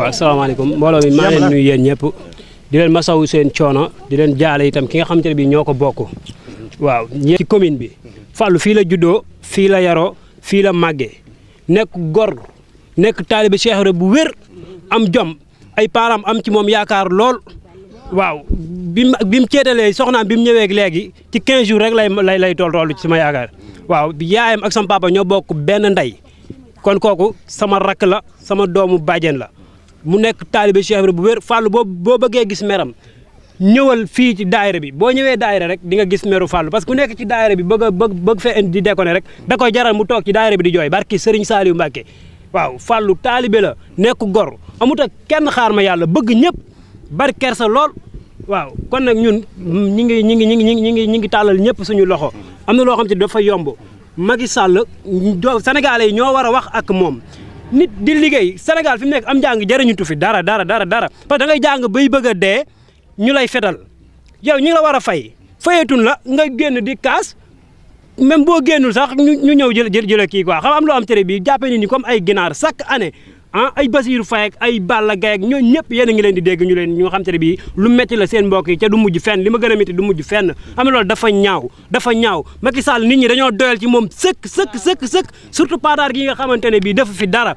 assalamu alaykum mbolo mi ma len nuy yeen ñep di len masawu seen choono di len jaale itam ki nga xamante ne bii ñoo ko waaw ci commune bi fallu fi la juddo fi la yaro fi la magge nekk gor nekk talib Cheikh Ibra bu wer am jom ay param am ci mom yaakar lol. waaw bim bim cietale soxna bim ñewé ak légui ci 15 jours rek lay lay lay tol toll ci sama yaakar waaw yaayam ak sama papa ño bokk ben nday kon koku sama rak la sama doomu la mu nekk taalibe Cheikh Ibra bu wér fàllu boo boo bëggee gis meram ñëwal fii ci daayira bi boo ñëwee daayira rek di nga gis meru fàllu parce que ku nekk ci daayira bi bëgg a bëgg bëgg fee di déconné rek da koy jaral mu toog ci daayira bi di jooy barki Serigne Saliou Mbacke waaw fàllu taalibe la nekk gor amut ak kenn xaar ma yàlla bëgg ñëpp bari kersa lool waaw kon nag ñun ñi ngi ñi ngi ñi ngi ñi ngi ñi ngi tàllal ñëpp suñu loxo am na loo xam te dafa yomb Macky Sall Sénégalais yi ñoo war a wax ak moom nit di liggéey Sénégal fi mu nekk am jàng jëriñutu fi dara dara dara dara parce que da ngay jàng bay bëgg a dee ñu lay fetal yow ñi ngi la war a fay fayetun la nga génn di kaas même boo génnul sax ñu ñëw jël jël kii quoi xam am loo am tere bi jàppee nit ñi comme ay ginaar chaque année ah ay basir Faye ak ay Balla Gaye ak ñooñu ñëpp yéen ngi leen di dégg ñu leen ñoo xam te bi lu metti la seen mbokk yi ca du mujj fenn lima gëna metti du mujj fenn am na loolu dafa ñaaw dafa ñaaw Macky Sall nit ñi dañoo doyal ci moom sëkk sëkk sëkk sëkk surtout Patar gi nga xamante bi dafa fi dara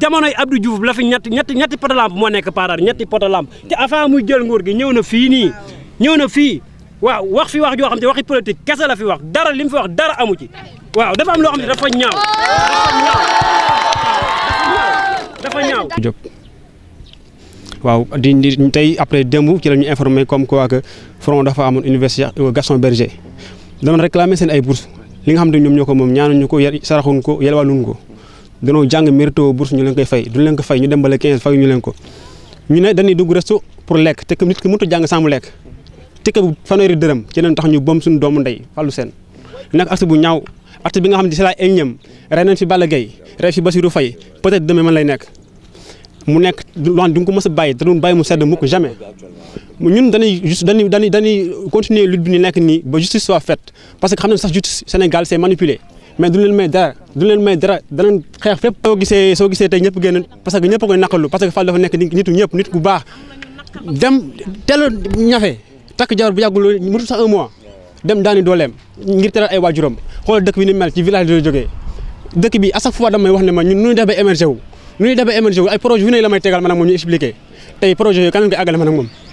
ay Abdou Diouf la fi ñatt ñetti ñetti potolamp mo nekk Patar ñetti potolamp te avant muy jël nguur gi ñew na fi ni ñew na fi waaw wax fi wax jo xam politique kessa la fi wax dara lim fi wax dara amu ci waaw dafa am lo xam dafa ñaaw dafa ñaaw jóg waaw di tey après démb ci la ñu informé comme quoi que front dafa amoon université euh, Gaston Berger danoon réclamer seen ay bourse li nga xam ne ñoom ñoo ko moom ñu ko saraxuñ ko yelwaaluñ ko danoo jàng mérito bourse ñu leen koy fay du leen ko fay ñu dem bala le 15 fay ñu leen ko ñu ne dañuy dugg resto pour lekk te nit ki mënut a jàng sàmm lekk te que fanweeri dërëm ci leen tax ñu bom suñu doomu ndey fàllu seen nag as bu ñaaw at bi nga xam ne si laay ñëm rey nañ fi Balla Gaye rey fi Bassirou Faye peut-être man lay nekk mu nekk loo xam nga ko bàyyi te doon mu sedd mukk jamais ñun dañuy juste dañuy dañuy dañuy que xam nañ sax justice Sénégal c'est manipulé mais duñ leen may dara duñ leen may dara danañ xeex fépp soo gisee soo ñëpp génn parce que ñëpp koy naqalu parce que Fall dafa nekk nitu ñëpp nit bu baax dem teel a ñafe takk jabar bu yàggul mutu sax un dem daani dooleem ngir teral ay waajuram xoolal dëkk bi ni mel ci village la jógee dëkk bi à chaque fois damay wax ne ma ñun nu ñuy def ba émergé wu nu ñuy def ba émergé wu ay projet yu ne la may tegal maanaam moom ñu expliqué tey projet yooyu kan lañ koy àggale maanaam moom